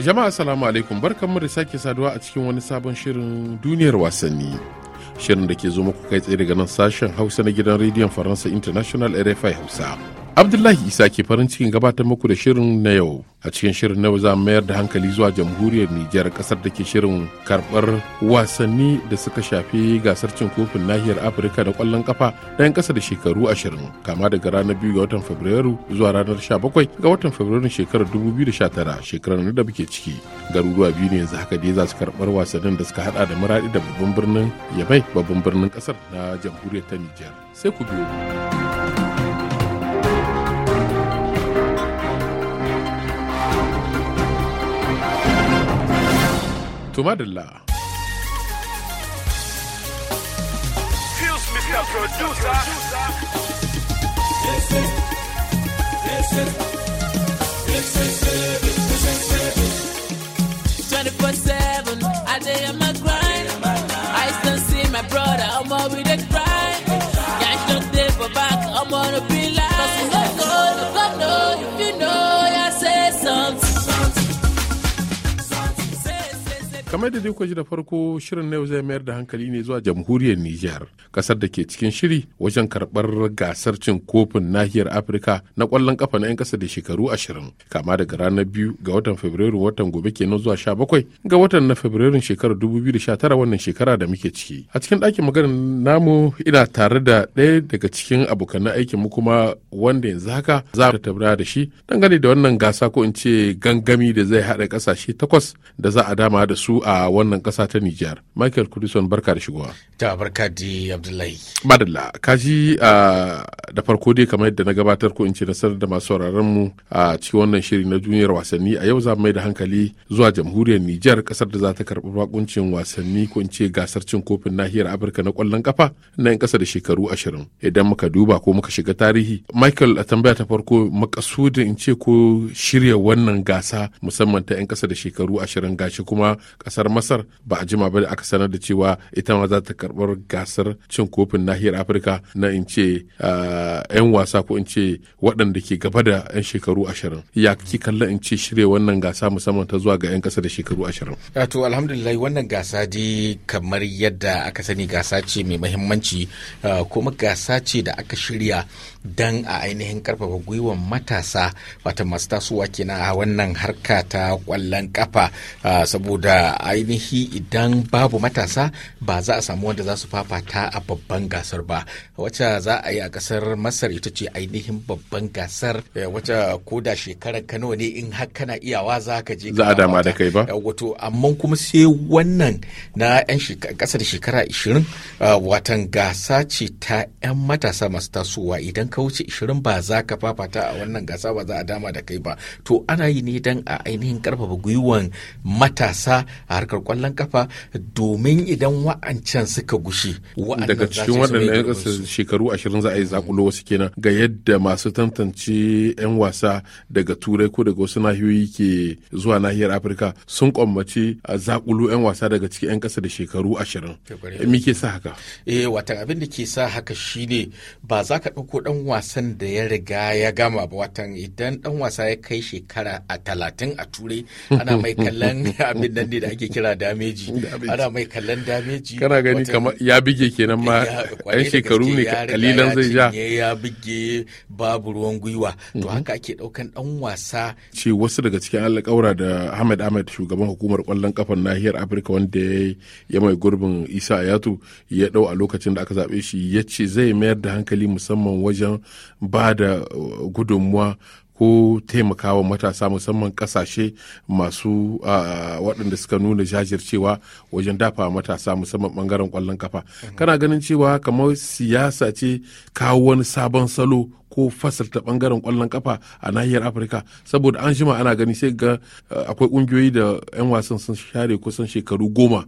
Jama'a assalamu alaikum barkanmu da sake saduwa a cikin wani sabon shirin duniyar wasanni. Shirin da ke zo muku kai tsaye daga nan sashen Hausa na gidan rediyon Faransa International RFI Hausa. Abdullahi Isa ke farin cikin gabatar muku da shirin na yau. A cikin shirin na za mu mayar da hankali zuwa jamhuriyar Nijar kasar da ke shirin karbar wasanni da suka shafi gasar cin kofin nahiyar Afirka da kwallon kafa ɗayan kasa da shekaru ashirin kama daga ranar biyu ga watan Fabrairu zuwa ranar sha bakwai ga watan Fabrairu shekarar dubu shekarar da muke ciki. Garuruwa biyu ne yanzu haka dai za su karɓar wasannin da suka haɗa da muradi da babban birnin Yamai babban birnin kasar na jamhuriyar ta Nijar. Sai ku biyo. Twenty-four seven, I grind. I see my brother, I'm all with a not Yank your for back, I'm gonna be like. kamar da kuka da farko shirin na yau zai mayar da hankali ne zuwa jamhuriyar Nijar kasar da ke cikin shiri wajen karɓar gasar cin kofin nahiyar Afirka na ƙwallon kafa na 'yan ƙasa da shekaru ashirin kama daga ranar biyu ga watan Fabrairu watan gobe kenan zuwa sha bakwai ga watan na Fabrairu shekarar tara wannan shekara da muke ciki a cikin ɗakin maganar namu ina tare da ɗaya daga cikin abokan aikin mu kuma wanda yanzu haka za ta tabra da shi dangane da wannan gasa ko in ce gangami da zai haɗa ƙasashe takwas da za a dama da su a a wannan kasa ta Nijar. Michael Kudison barka da shigowa. Ta barka di Abdullahi. Madalla, kaji da farko dai kamar yadda na gabatar ko in ce nasarar da masu sauraron mu a cikin wannan shiri na duniyar wasanni a yau za mu mai da hankali zuwa jamhuriyar Nijar kasar da za ta karɓi bakuncin wasanni ko in ce gasar cin kofin nahiyar Afirka na kwallon kafa na 'yan ƙasa da shekaru ashirin idan muka duba ko muka shiga tarihi. Michael a tambaya ta farko makasudin in ce ko shirya wannan gasa musamman ta 'yan ƙasa da shekaru ashirin gashi kuma kasar masar ba a jima ba da aka sanar da cewa ita ma za ta karbar gasar cin kofin nahiyar afirka na in ce yan ah, wasa ko in ce waɗanda ke gaba da yan shekaru ashirin ya ki kalla in ce shirya wannan gasa musamman ta zuwa ga yan ƙasa da shekaru ashirin. Ah, to alhamdulillah wannan gasa dai kamar yadda aka sani gasa ce mai mahimmanci ah, kuma gasa ce da aka shirya dan a ainihin karfafa gwiwar matasa wata masu tasowa kenan a wannan harka ta kwallon kafa saboda ainihi idan babu matasa ba za a samu wanda za su fafata a babban gasar ba wacce za a yi a kasar masar ita ce ainihin babban gasar eh, wacce ko da shekarar kano ne in har kana iyawa za ka je za a dama da kai ba eh, wato amma kuma sai wannan na yan kasa shekara 20 ah, watan gasa ce ta yan matasa masu tasowa idan ka wuce 20 ba za ka fafata a wannan gasa ba za a dama da kai ba to ana yi ne dan a ainihin karfafa gwiwan matasa a harkar kwallon kafa domin idan wa'ancan suka gushi daga cikin waɗannan 'yan ƙasa shekaru ashirin za a yi zakulo wasu kenan ga yadda masu tantance 'yan wasa daga turai ko daga wasu nahiyoyi ke zuwa nahiyar afirka sun kwammace a zakulo 'yan wasa daga cikin 'yan ƙasa da shekaru ashirin me ke sa haka eh watan abin da ke sa haka shine ba za ka ɗauko ɗan wasan da ya riga ya gama ba watan idan ɗan wasa ya kai shekara a talatin a turai ana mai kallon abin nan ne da suke kira dameji ana mai kallon dameji kana gani kamar ya bige kenan ma yan shekaru ne kalilan zai ja ya bige babu ruwan gwiwa to mhm. haka ake daukan dan wasa ce wasu daga cikin alƙawura da Ahmed Ahmed shugaban hukumar kwallon kafar nahiyar Afirka wanda ya mai gurbin Isa Ayatu ya dau a lokacin da aka zabe shi ya ce zai mayar da hankali musamman wajen ba da uh, gudunmuwa ko taimakawa matasa musamman kasashe masu waɗanda suka nuna jajircewa wajen dafa matasa musamman ɓangaren ƙwallon kafa mhm. kana ganin cewa kamar siyasa ce kawo wani sabon salo ko fasalta ɓangaren ƙwallon kafa a nahiyar afirka saboda an shima ana gani sai ga akwai ƙungiyoyi da 'yan wasan sun share kusan shekaru goma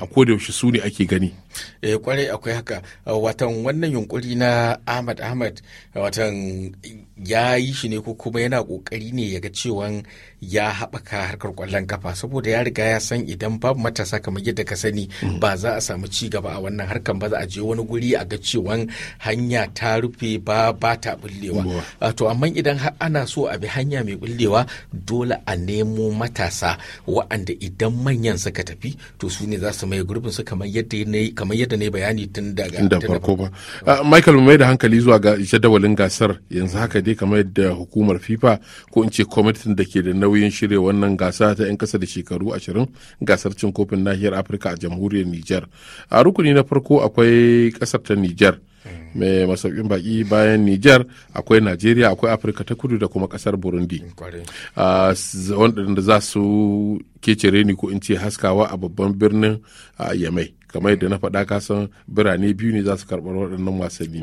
a kodayaushe su ne ake gani eh kwarai akwai haka eh, watan wannan yunkuri na ahmad ahmad eh, watan ya yi shi ne ko kuma yana kokari ne ya ga cewa ya haɓaka harkar ƙwallon kafa saboda ya riga ya san idan babu matasa kamar yadda ka sani mm. ba za a samu ci gaba a wannan harkar ba za a je wani guri a ga cewan hanya ta rufe ba ba ta bullewa to amma idan har ana so a bi hanya mai bullewa dole a nemo matasa wa'anda idan manyan suka tafi to su ne za su mai gurbin su kamar yadda ne kamar yadda ne bayani tun daga tun farko ba Michael mai da hankali zuwa ga jadawalin gasar yanzu haka dai kamar yadda hukumar FIFA ko in ce kwamitin da ke da nauyin shirya wannan gasa ta 'yan kasa da shekaru 20 gasar cin kofin nahiyar afirka a jamhuriyar niger a rukuni na farko akwai kasar ta Nijar mai masaukin baki bayan Nijar akwai nigeria akwai afirka ta kudu da kuma kasar burundi mm, wanda za su cire ni ko in ce haskawa a babban birnin yamai kamar yadda na faɗa ka san birane biyu ne za su karɓar waɗannan wasanni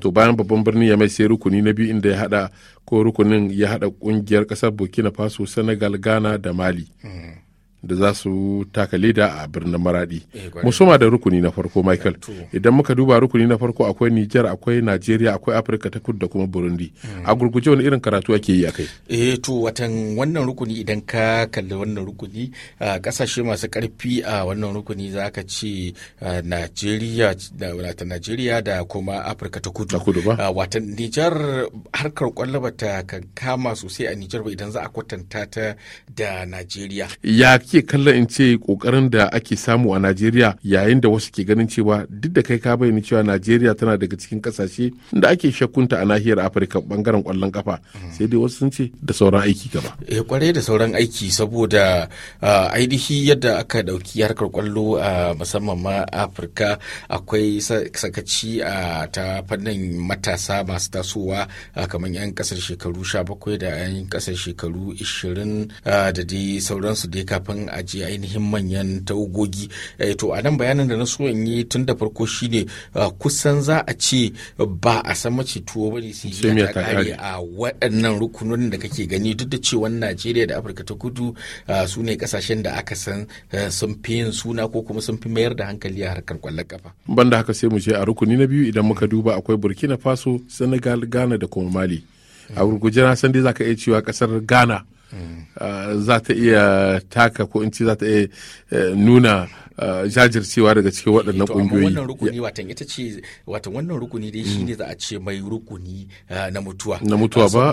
to bayan babban birnin ya mai sai rukuni na biyu inda ya haɗa ko rukunin ya haɗa ƙungiyar ƙasar burkina faso senegal ghana da mali hmm. da za su taka leda a birnin maradi eh, musamman da rukuni na farko michael idan muka duba rukuni na farko akwai niger akwai nigeria akwai afirka ta kudu da kuma burundi hmm. a gurguje wani irin karatu ake yi a kai eh to watan wannan rukuni idan ka kalli wannan rukuni a kasashe masu karfi a wannan rukuni za ka ce nigeria da nigeria da kuma afirka ta kudu watan niger harkar kwallaba ta kan kama sosai a niger ba idan za a kwatanta ta da nigeria kike kallon in ce kokarin da ake samu a Najeriya yayin da wasu ke ganin cewa duk da kai ka bayyana cewa Najeriya tana daga cikin kasashe da ake shakkunta a nahiyar Afirka bangaren kwallon kafa sai dai wasu sun ce da sauran aiki gaba. Eh kwarai da sauran aiki saboda ah, ainihi yadda aka dauki harkar kwallo a musamman ma Afirka akwai sakaci a ta fannin matasa masu tasowa kamar 'yan kasar shekaru 17 da 'yan kasar shekaru 20 ah, da dai sauransu dai kafin an ajiye ainihin manyan tagogi eh, to a nan bayanin da na so in yi tun da farko shine ah, kusan za a ce ba a san mace tuwo ba ne sai ya kare a waɗannan rukunonin da kake gani duk da cewa Najeriya da Afirka ta Kudu ah, su ne kasashen da aka san eh, sun fi yin suna ko kuma sun fi mayar da hankali a harkar kwallon kafa banda haka sai mu je a rukuni na biyu idan muka duba akwai Burkina Faso Senegal Ghana da kuma Mali a gurguje na san dai zaka iya cewa kasar Ghana Eh, za ta iya taka ko in ce za ta iya eh, nuna Eh, jajircewa daga cikin waɗannan ƙungiyoyi. wannan rukuni watan ita ce watan wannan rukuni dai ne za a ce mai rukuni eh, na mutuwa. Na mutuwa ba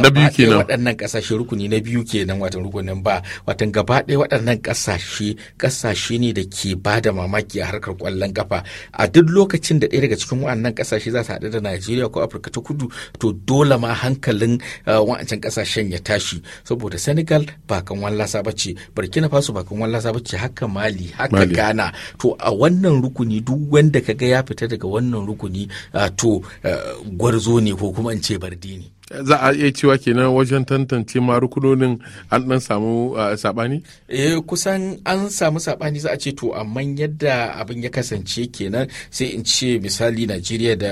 na biyu kenan. waɗannan ƙasashe rukuni na biyu kenan watan rukunin ba watan gaba ɗaya waɗannan ƙasashe ƙasashe ne da ke ba da mamaki a harkar ƙwallon kafa a duk lokacin da ɗaya daga cikin waɗannan ƙasashe za su haɗu da Najeriya ko Afirka ta Kudu to dole ma hankalin eh, wa'ancan ƙasashen ya tashi saboda Senegal ba kan wallasa ba ce Burkina Faso ba kan wallasa ba ce haka Mali haka gana to a wannan rukuni duk wanda kaga ya fita daga wannan rukuni to gwarzo ne ko kuma in ce bardi ne za a iya cewa kenan wajen tantance marukunonin an dan samu sabani? eh kusan an samu sabani za a ce to amma yadda abin ya kasance kenan sai in ce misali najeriya da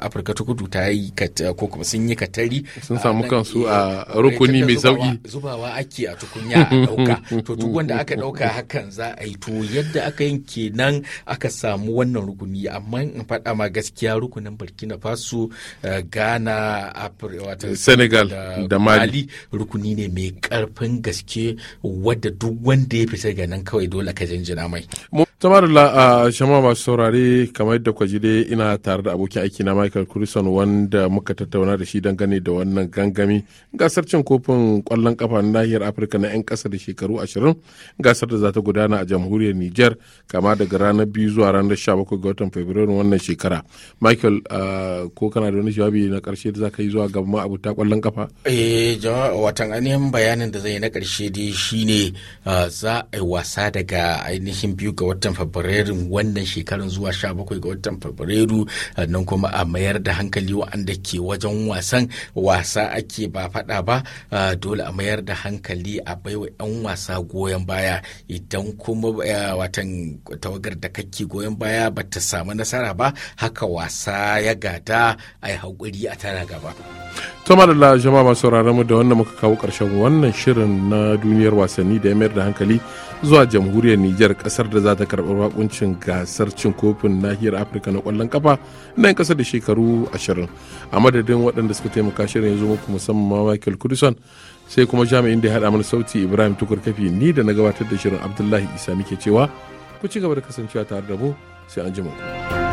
afirka ta kudu ta yi ko kuma sun yi katari sun samu kansu eh, a rukuni mai sauki zubawa ake a tukunya a dauka to duk wanda aka dauka hakan za a yi to yadda aka yin kenan aka samu wannan rukuni amma in faɗa ma gaskiya rukunin burkina faso eh, ghana afirka wata senegal da mali rukuni ne mai karfin gaske wadda duk wanda ya fita ga nan kawai dole ka jinjina mai tamarila a shama masu saurare kamar yadda kwaji dai ina tare da abokin aiki na michael curison wanda muka tattauna da shi dangane da wannan gangami gasar cin kofin kwallon kafa na nahiyar afirka na 'yan kasa da shekaru 20 gasar da za ta gudana a jamhuriyar niger kama daga ranar biyu zuwa ranar 17 ga watan fabrairu wannan shekara michael ko kana da wani jawabi na karshe da za ka yi zuwa gaba buta kwallon kafa? Eh, watan ainihin bayanin da zai na karshe dai shine ah, za a yi wasa daga ainihin biyu ga watan Fabrairu wannan shekarun zuwa sha bakwai ga watan Fabrairu ah, nan kuma a mayar da hankali wa'anda ke wajen wasan wasa ake ba faɗa ba ah, dole a mayar da hankali a baiwa 'yan wasa goyon baya idan kuma watan tawagar da kake goyon baya ba ta samu nasara ba haka wasa ya gada a yi haƙuri a tara gaba. sama da jama'a masu sauraron mu da wannan muka kawo karshen wannan shirin na duniyar wasanni da ya mayar da hankali zuwa jamhuriyar Nijar kasar da za ta karɓar wakuncin gasar cin kofin nahiyar Afirka na kwallon kafa na kasar da shekaru ashirin a madadin waɗanda suka taimaka shirin ya muku musamman Michael Kudison sai kuma jami'in da ya haɗa mana sauti Ibrahim Tukur Kafi ni da na gabatar da shirin Abdullahi Isa muke cewa ku ci gaba da kasancewa tare da mu sai an